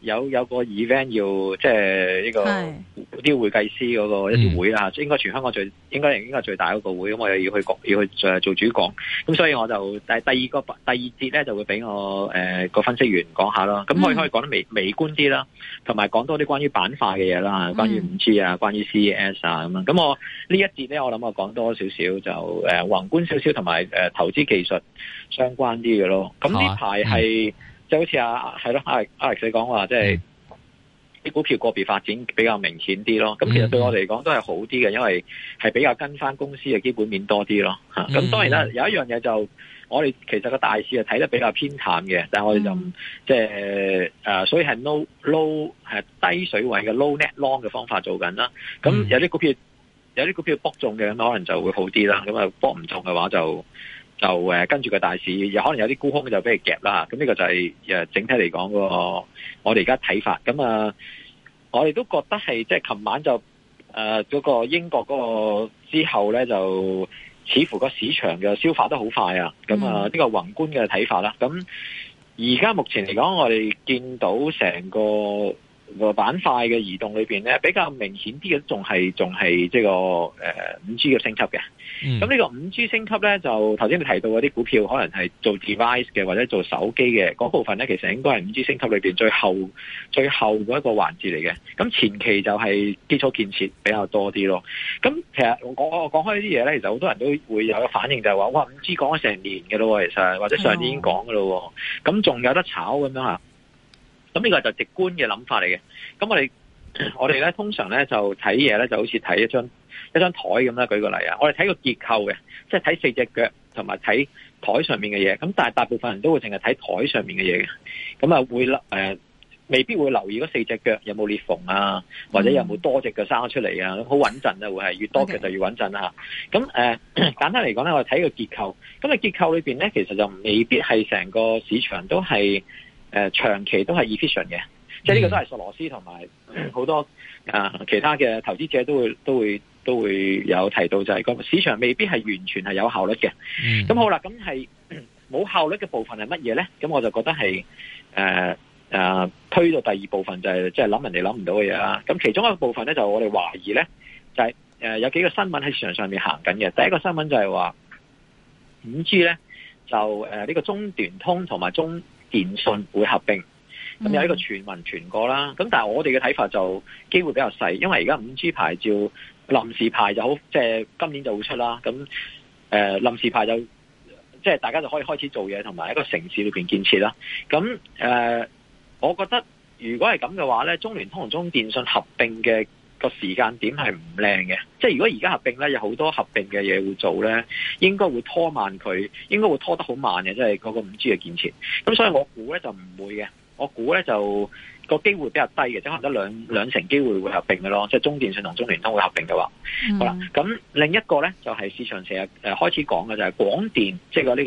有有個 event 要即係呢，這個啲會計師嗰個一啲會啦，嗯，應該全香港最應該係應該最大嗰個會，咁我又要去要去做主講，咁所以我就第第二個第二節咧，就會俾我誒，呃，個分析員講下啦，咁，嗯，我可以講得微微觀啲啦，同埋講多啲關於板塊嘅嘢啦，嗯，關於 5G 啊，關於 CES 啊咁樣，咁我呢一節咧，我諗我講多少少就誒，呃，宏觀少少同埋誒投資技術相關啲嘅咯，咁呢排係。啊嗯就好似阿係咯 Alex 講話，即係啲股票個別發展比較明顯啲咯。咁、嗯、其實對我嚟講都係好啲嘅，因為係比較跟翻公司嘅基本面多啲咯。咁、嗯嗯、當然啦，有一樣嘢就我哋其實個大市係睇得比較偏淡嘅，但係我哋就即係啊，所以係 no low 係低水位嘅 low net long 嘅方法做緊啦。咁有啲股票有啲股票博中嘅，咁可能就會好啲啦。咁啊，博唔中嘅話就。就誒跟住個大市，可能有啲沽空就俾佢夾啦。咁呢個就係整體嚟講個我哋而家睇法。咁啊，我哋都覺得係即係琴晚就誒嗰個英國嗰個之後咧，就似乎個市場嘅消化得好快啊。咁啊，呢個宏觀嘅睇法啦。咁而家目前嚟講，我哋見到成個個板塊嘅移動裏邊咧，比較明顯啲嘅仲係仲係即係個誒五 G 嘅升級嘅。咁、嗯、呢個五 G 升級咧，就頭先你提到嗰啲股票，可能係做 device 嘅或者做手機嘅嗰部分咧，其實應該係五 G 升級裏邊最後最後嗰一個環節嚟嘅。咁前期就係基礎建設比較多啲咯。咁其實我講開呢啲嘢咧，其實好多人都會有個反應，就是，就係話哇五 G 講咗成年嘅咯，其實或者上年已經講噶咯。咁、哦、仲有得炒咁樣吓？咁呢個就直觀嘅諗法嚟嘅。咁我哋我哋咧通常咧就睇嘢咧就好似睇一張一張台咁啦。舉個例啊，我哋睇個結構嘅，即係睇四隻腳同埋睇台上面嘅嘢。咁但係大部分人都會淨係睇台上面嘅嘢嘅。咁啊會、呃、未必會留意嗰四隻腳有冇裂縫啊，嗯、或者有冇多隻腳生咗出嚟啊。好穩陣啊，會係越多腳就越穩陣啦嚇。咁誒簡單嚟講咧，我哋睇個結構。咁啊結構裏邊咧，其實就未必係成個市場都係。誒、呃，長期都係 efficient 嘅，即係呢個都係索羅斯同埋好多啊、呃、其他嘅投資者都會都會都會有提到就係、是、個市場未必係完全係有效率嘅。咁、嗯、好啦，咁係冇效率嘅部分係乜嘢咧？咁我就覺得係誒誒，推到第二部分就係即係諗人哋諗唔到嘅嘢啦。咁其中一個部分咧就我哋懷疑咧，就係、是、誒、呃、有幾個新聞喺市場上面行緊嘅。第一個新聞就係話五 G 咧就誒呢、呃這個中聯通同埋中。電信會合併，咁有一個傳聞傳過啦，咁但係我哋嘅睇法就機會比較細，因為而家五 G 牌照臨時牌就好，即係今年就會出啦，咁誒臨時牌就即係大家就可以開始做嘢同埋一個城市裏邊建設啦，咁誒我覺得如果係咁嘅話咧，中聯通同中電信合併嘅。個時間點係唔靚嘅，即係如果而家合併咧，有好多合併嘅嘢，會做咧，應該會拖慢佢，應該會拖得好慢嘅，即係嗰個五 G 嘅建設。咁所以我估咧就唔會嘅，我估咧就個機會比較低嘅，即可能得兩兩成機會會合併嘅咯，即係中電信同中聯通會合併嘅話。嗯、好啦，咁另一個咧就係、是、市場成日誒開始講嘅就係廣電，即、就、係、是、個呢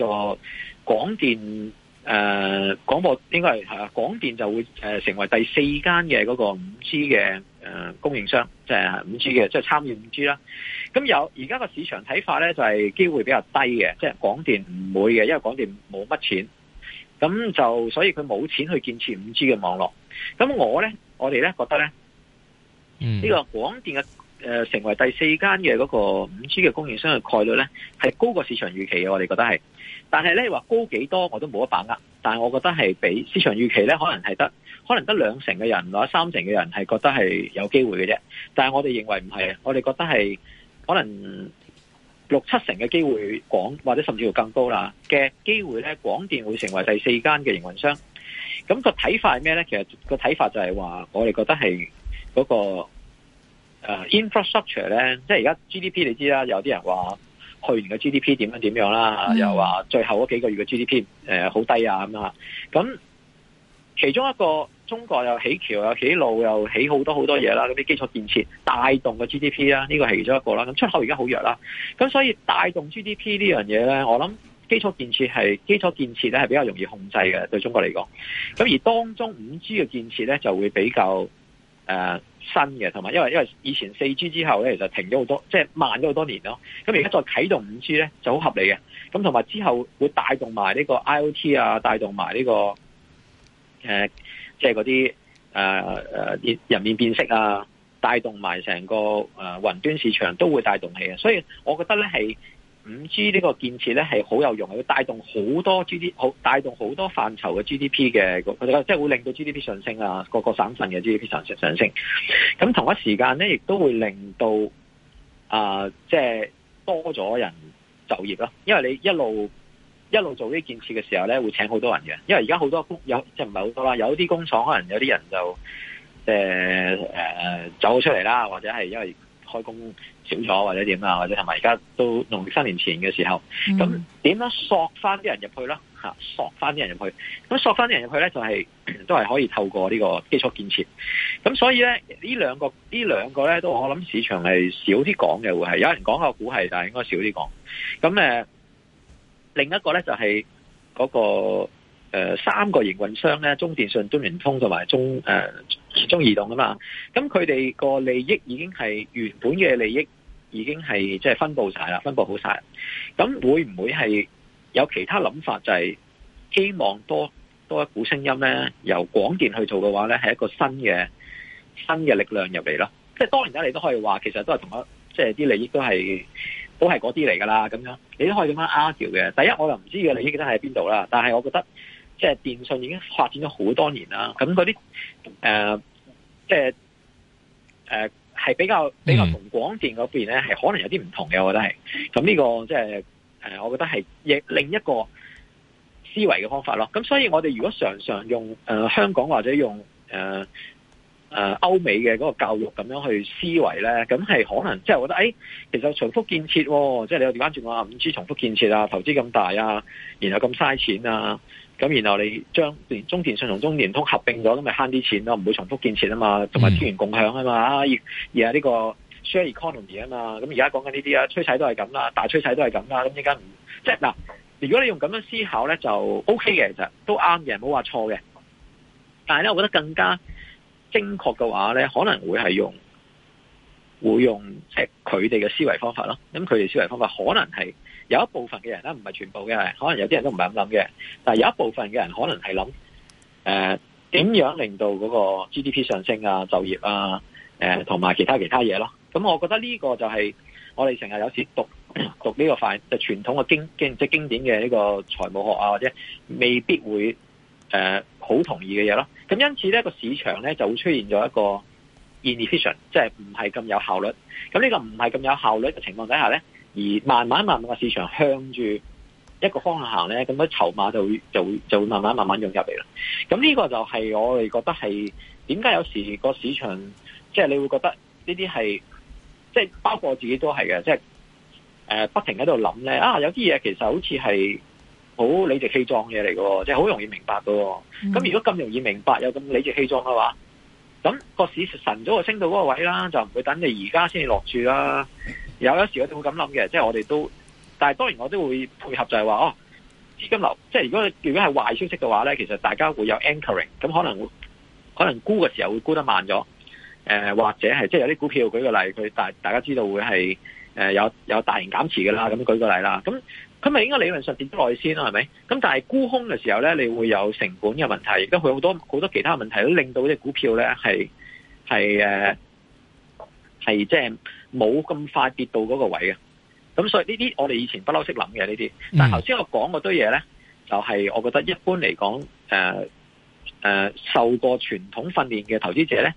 個廣電。誒、呃，廣播應該係係啊，廣電就會誒成為第四間嘅嗰個五 G 嘅誒供應商，即係五 G 嘅，即係參與五 G 啦。咁有而家個市場睇法咧，就係、是、機會比較低嘅，即係廣電唔會嘅，因為廣電冇乜錢。咁就所以佢冇錢去建設五 G 嘅網絡。咁我咧，我哋咧覺得咧，呢、這個廣電嘅誒、呃、成為第四間嘅嗰個五 G 嘅供應商嘅概率咧，係高過市場預期嘅。我哋覺得係。但係咧，你話高幾多我都冇得把握。但係我覺得係比市場預期咧，可能係得可能得兩成嘅人或者三成嘅人係覺得係有機會嘅啫。但係我哋認為唔係，我哋覺得係可能六七成嘅機會廣，或者甚至乎更高啦嘅機會咧，廣電會成為第四間嘅營運商。咁個睇法係咩咧？其實個睇法就係話，我哋覺得係嗰個誒 infrastructure 咧，即係而家 GDP 你知啦，有啲人話。去年嘅 GDP 點樣點樣啦，又話最後嗰幾個月嘅 GDP 誒、呃、好低啊咁啊，咁其中一個中國又起橋又起路又起好多好多嘢啦，咁啲基礎建設帶動嘅 GDP 啦，呢個係其中一個啦。咁出口而家好弱啦，咁所以帶動 GDP 呢樣嘢呢，我諗基礎建設係基礎建設呢係比較容易控制嘅，對中國嚟講。咁而當中五 G 嘅建設呢，就會比較誒。呃新嘅同埋，因為因為以前四 G 之後咧，其實停咗好多，即係慢咗好多年咯。咁而家再啟動五 G 咧，就好合理嘅。咁同埋之後會帶動埋呢個 IOT 啊，帶動埋呢個誒，即係嗰啲誒誒人面辨識啊，帶動埋成個誒、呃、雲端市場都會帶動起啊，所以我覺得咧係。是五 G 呢個建設咧係好有用嘅，會帶動好多 GDP，好帶動好多範疇嘅 GDP 嘅，即係會令到 GDP 上升啊！個個省份嘅 GDP 上上升。咁同一時間咧，亦都會令到啊，即、呃、係、就是、多咗人就業咯。因為你一路一路做呢建設嘅時候咧，會請好多人嘅。因為而家好多工有即係唔係好多啦，有啲工廠可能有啲人就誒誒、呃、走出嚟啦，或者係因為。開工少咗或者點啊，或者同埋而家都農曆新年前嘅時候，咁、嗯、點樣索翻啲人入去啦？吓，索翻啲人入去，去，咁索翻啲人入去咧，就係、是、都係可以透過呢個基礎建設。咁所以咧，呢兩個，個呢兩個咧，都我諗市場係少啲講嘅，會係有人講個股係，但係應該少啲講。咁誒、呃，另一個咧就係、是、嗰、那個誒、呃、三個營運商咧，中電信、中聯通同埋中誒。呃中移動㗎嘛，咁佢哋個利益已經係原本嘅利益已經係即係分佈晒啦，分佈好晒。咁會唔會係有其他諗法，就係，就係希望多多一股聲音咧，由廣電去做嘅話咧，係一個新嘅新嘅力量入嚟咯。即係當然啦，你都可以話其實都係同一，即係啲利益都係都係嗰啲嚟噶啦。咁樣你都可以咁樣 argue 嘅。第一，我又唔知個利益得喺邊度啦。但係我覺得即係電信已經發展咗好多年啦。咁嗰啲誒。呃即係誒，係、呃、比較比較同廣電嗰邊咧，係可能有啲唔同嘅，我覺得係咁呢個即係誒，我覺得係亦另一個思維嘅方法咯。咁所以我哋如果常常用誒、呃、香港或者用誒誒歐美嘅嗰個教育咁樣去思維咧，咁係可能即係、就是、我覺得誒、哎，其實重複建設、哦，即、就、係、是、你又調翻轉我五 G 重複建設啊，投資咁大啊，然後咁嘥錢啊。咁然後你將中電信同中電通合併咗，咁咪慳啲錢咯，唔會重複建設啊嘛，同埋資源共享啊嘛，而而係呢個 share economy 啊嘛，咁而家講緊呢啲啊，趨勢都係咁啦，大趨勢都係咁啦，咁而家唔即係嗱，如果你用咁樣思考咧，就 OK 嘅，其實都啱嘅，冇話錯嘅。但係咧，我覺得更加精確嘅話咧，可能會係用會用佢哋嘅思維方法咯，咁佢哋思維方法可能係有一部分嘅人咧，唔係全部嘅，可能有啲人都唔係咁諗嘅，但係有一部分嘅人可能係諗，誒、呃、點樣令到嗰個 GDP 上升啊、就業啊、呃、同埋其他其他嘢咯。咁、嗯、我覺得呢個就係我哋成日有時讀讀呢個快就係、傳統嘅經,經即係經典嘅呢個財務學啊，或者未必會誒好、呃、同意嘅嘢咯。咁、嗯、因此呢個市場咧就會出現咗一個。inefficient，即係唔係咁有效率。咁呢個唔係咁有效率嘅情況底下咧，而慢慢慢慢個市場向住一個方向行咧，咁啲籌碼就會就會就會慢慢慢慢湧入嚟啦。咁呢個就係我哋覺得係點解有時個市場即係、就是、你會覺得呢啲係即係包括我自己都係嘅，即係誒不停喺度諗咧啊！有啲嘢其實好似係好理直氣壯嘅嚟嘅，即係好容易明白嘅。咁如果咁容易明白有咁理直氣壯嘅話，咁個市晨早就升到嗰個位啦，就唔會等你而家先至落注啦。有一時我都會咁諗嘅，即係我哋都，但係當然我都會配合就，就係話哦，資金流，即係如果如果係壞消息嘅話咧，其實大家會有 anchoring，咁可能可能沽嘅時候會沽得慢咗。誒、呃，或者係即係有啲股票，舉個例，佢大大家知道會係誒有有大型減持㗎啦，咁舉個例啦，咁。咁咪應該理論上跌耐先咯，係咪？咁但係沽空嘅時候咧，你會有成本嘅問題，而家佢好多好多其他問題都令到啲股票咧，係係呃，係即係冇咁快跌到嗰個位嘅。咁所以呢啲我哋以前不嬲識諗嘅呢啲，但頭先我講嗰堆嘢咧，就係、是、我覺得一般嚟講，呃呃，受過傳統訓練嘅投資者咧。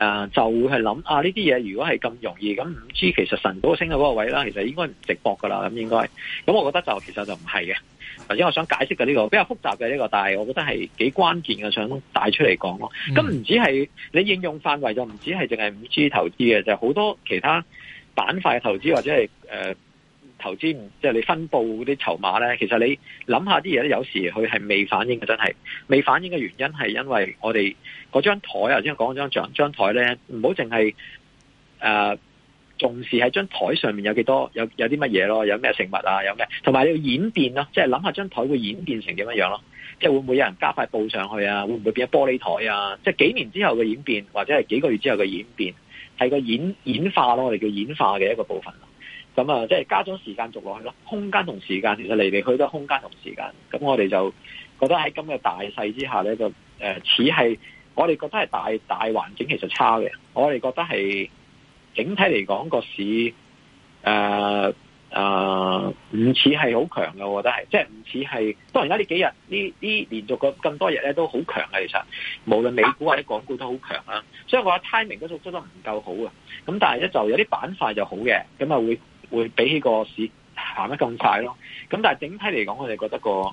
呃、就會想啊，就係諗啊！呢啲嘢如果係咁容易，咁五 G 其實神嗰個升到嗰個位啦，其實應該唔值博㗎喇，咁應該。咁我覺得就其實就唔係嘅，或者我想解釋嘅呢、呢個比較複雜嘅呢、呢個，但係我覺得係幾關鍵嘅，想帶出嚟講咯。咁唔止係你應用範圍就唔止係淨係五 G 投資嘅，就係、係、好多其他板塊投資或者係誒。呃頭先，即係你分佈啲籌碼咧，其實你諗下啲嘢咧，有時佢係未反應嘅，真係未反應嘅原因係因為我哋嗰張台啊，因為講張張張台咧，唔好淨係誒重視喺張台上面有幾多有有啲乜嘢咯，有咩食物啊，有咩，同埋要演變咯，即係諗下張台會演變成點樣樣咯，即係會唔會有人加快佈上去啊？會唔會變咗玻璃台啊？即係幾年之後嘅演變，或者係幾個月之後嘅演變，係個演演化咯，我哋叫演化嘅一個部分。咁啊，即係加咗時間續落去咯。空間同時間，其實嚟嚟去都係空間同時間。咁我哋就覺得喺咁嘅大勢之下咧，就誒、呃、似係我哋覺得係大大環境其實差嘅。我哋覺得係整體嚟講個市誒誒唔似係好強嘅，我覺得係即係唔似係。當然而家呢幾日呢呢連續個咁多日咧都好強嘅，其實無論美股或者港股都好強啦，所以我睇 timing 都種做得唔夠好啊。咁但係咧就有啲板塊就好嘅，咁啊會。會比起個市行得咁快咯，咁但係整體嚟講，我哋覺得個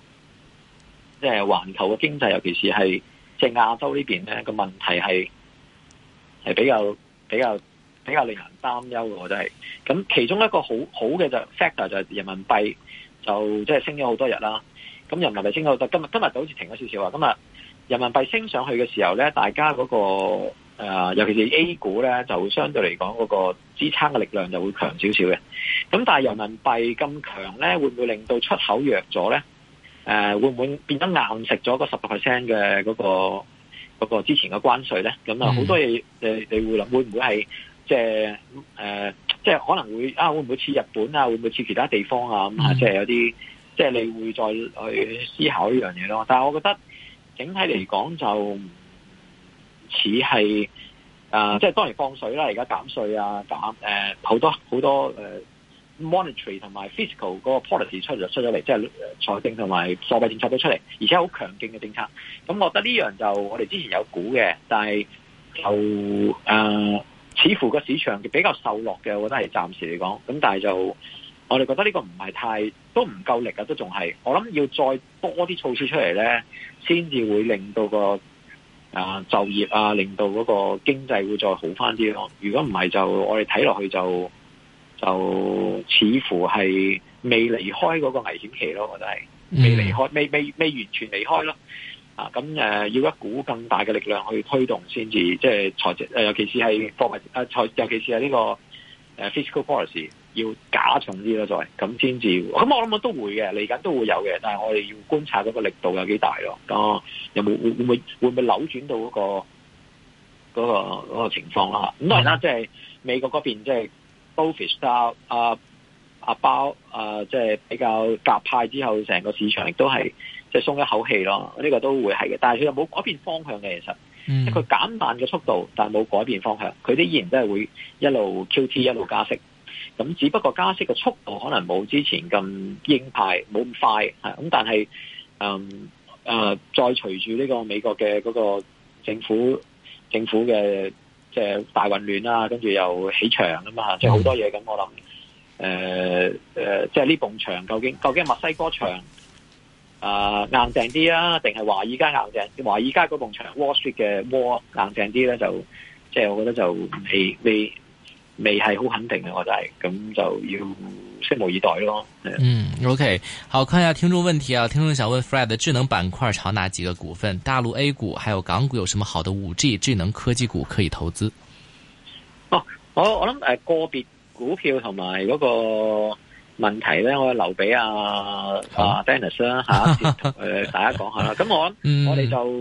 即係環球嘅經濟，尤其是係即係亞洲呢邊咧個問題係係比較比較比較令人擔憂嘅，真都係。咁其中一個好好嘅就 factor 就係人民幣就即係升咗好多日啦。咁人民幣升到，但今日今日就好似停咗少少啊。今日人民幣升上去嘅時候咧，大家嗰、那個。尤其是 A 股咧，就相對嚟講嗰個支撐嘅力量就會強少少嘅。咁但係人民幣咁強咧，會唔會令到出口弱咗咧？誒、呃，會唔會變得硬食咗個十 percent 嘅嗰個之前嘅關稅咧？咁啊，好多嘢你你會諗會唔會係即係誒？即係、呃、可能會啊？會唔會似日本啊？會唔會似其他地方啊？咁、mm. 啊？即係有啲即係你會再去思考呢樣嘢咯。但係我覺得整體嚟講就唔似係。啊、呃，即係當然放水啦，而家減稅啊，減誒好多好多誒、呃、monetary、mm-hmm. 同埋 fiscal 嗰個 policy 出咗出咗嚟，即係財政同埋貨幣政策都出嚟，而且好強勁嘅政策。咁我覺得呢樣就我哋之前有估嘅，但係就誒、呃、似乎個市場比較受落嘅，我，暫我覺得係暫時嚟講。咁但係就我哋覺得呢個唔係太都唔夠力啊，都仲係我諗要再多啲措施出嚟咧，先至會令到個。啊，就業啊，令到嗰個經濟會再好翻啲咯。如果唔係，就我哋睇落去就就似乎係未離開嗰個危險期咯。我就係、是、未離開，未未未完全離開咯。啊，咁、啊、誒，要一股更大嘅力量去推動，先至即係財政誒，尤其是係貨誒財，尤其是係呢個誒 fiscal policy。要假重啲咯，再咁先至。咁我諗我都會嘅，嚟緊都會有嘅。但係我哋要觀察嗰個力度有幾大咯。咁有冇會會會會唔會扭轉到嗰個嗰個嗰個情況啦？咁當然啦，即係美國嗰邊即係 Bofish 啊，阿包啊，即係、no uh, uh, 比較夾派之後，成個市場亦都係即係鬆一口氣咯。呢個都會係嘅，但係佢又冇改變方向嘅。其實，佢減慢嘅速度，但係冇改變方向。佢啲依然都係會一路 QT 一路加息。嗯咁只不過加息嘅速度可能冇之前咁鷹派，冇咁快，係咁。但係，嗯，誒、呃，再隨住呢個美國嘅嗰個政府政府嘅即係大混亂啦、啊，跟住又起牆啊嘛，即係好多嘢咁。我諗誒即係呢埲牆究竟究竟墨西哥牆啊、呃、硬淨啲啊，定係華爾街硬淨？華爾街嗰埲牆 Wall Street 嘅 wall 硬淨啲咧，就即係、就是、我覺得就未未。未係好肯定嘅，我就係、是、咁就要拭目以待咯。嗯，OK，好，看一下聽眾問題啊！聽眾想問 Fred 智能板塊炒哪幾個股份？大陸 A 股還有港股有什麼好的五 G 智能科技股可以投資？哦，好，我我諗誒個別股票同埋嗰個問題咧，我留俾阿 Dennis 啦，吓，誒、啊啊 呃、大家講下啦。咁 我我哋就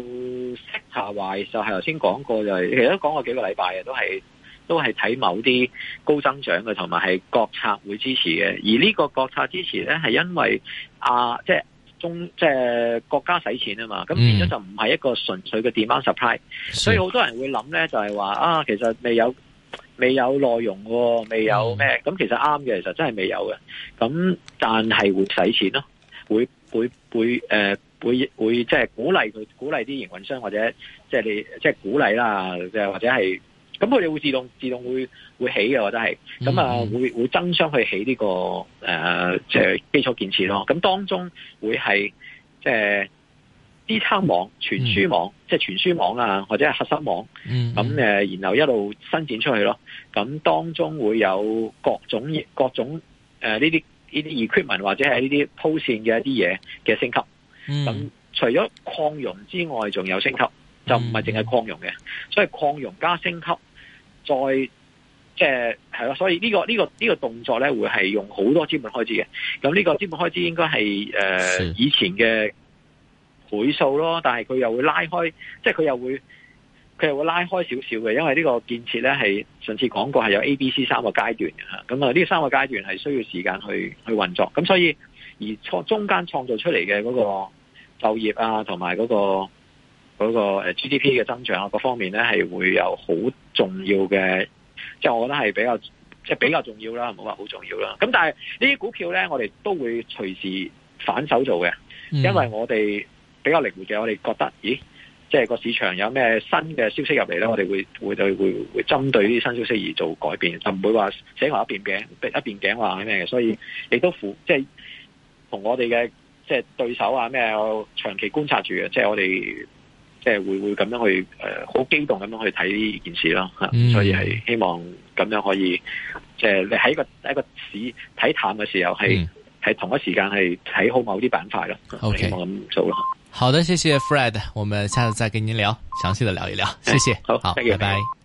識、嗯、下懷就係頭先講過就係、是，其實都講過幾個禮拜嘅，都係。都係睇某啲高增長嘅，同埋係國策會支持嘅。而呢個國策支持咧，係因為啊即係中即係國家使錢啊嘛。咁變咗就唔係一個純粹嘅 demand supply。所以好多人會諗咧，就係、係、話啊，其實未有未有內容，未有咩咁、啊。嗯、其實啱嘅，其實真係未有嘅。咁但係會使錢咯、啊，會會、呃、會會即係鼓勵佢鼓勵啲營運商或者即係、即係、你即係、即係、鼓勵啦，即、即係、或者係。咁佢哋會自動自動會會起嘅，或者係係咁啊，會會爭相去起呢、呢個誒，即係基礎建設咯。咁當中會係即係啲差網、傳輸網，嗯、即係傳輸網啊，或者係核心網。咁、嗯、誒、嗯、然後一路伸展出去咯。咁當中會有各種各種誒呢啲呢啲 equipment 或者係呢啲鋪線嘅一啲嘢嘅升級。咁、嗯、除咗擴容之外，仲有升級，就唔係淨係擴容嘅、嗯嗯，所以擴容加升級。再即係係咯，所以呢個呢個呢個動作咧，會係用好多資本開支嘅。咁呢個資本開支應該係誒、呃、以前嘅倍數咯，但係佢又會拉開，即係佢又會佢又會拉開少少嘅，因為呢個建設咧係上次講過係有 A、B、C 三個階段嘅吓。咁啊，呢三個階段係需要時間去去運作。咁所以而創中間創造出嚟嘅嗰個就業啊，同埋嗰個。嗰個誒 GDP 嘅增長啊，各方面咧係會有好重要嘅，即係我覺得係比較即係比較重要啦，唔好話好重要啦。咁但係呢啲股票咧，我哋都會隨時反手做嘅，因為我哋比較靈活嘅。我哋覺得，咦，即係個市場有咩新嘅消息入嚟咧，我哋會會對會會針對呢啲新消息而做改變，就唔會話寫埋一邊頸一邊頸話咩嘅。所以亦都即係同我哋嘅即係對手啊咩，長期觀察住嘅，即係我哋。即係會會咁樣去誒，好、呃、激動咁樣去睇呢件事咯，吓、嗯，所以係希望咁樣可以，即、就、係、是、你喺個個市睇淡嘅時候，係、嗯、係同一時間係睇好某啲板塊咯。O K，希望咁做啦，好，好的，謝謝 Fred，我們下次再跟您聊，詳細的聊一聊，謝謝，哎、好，好，謝謝 bye bye，拜拜。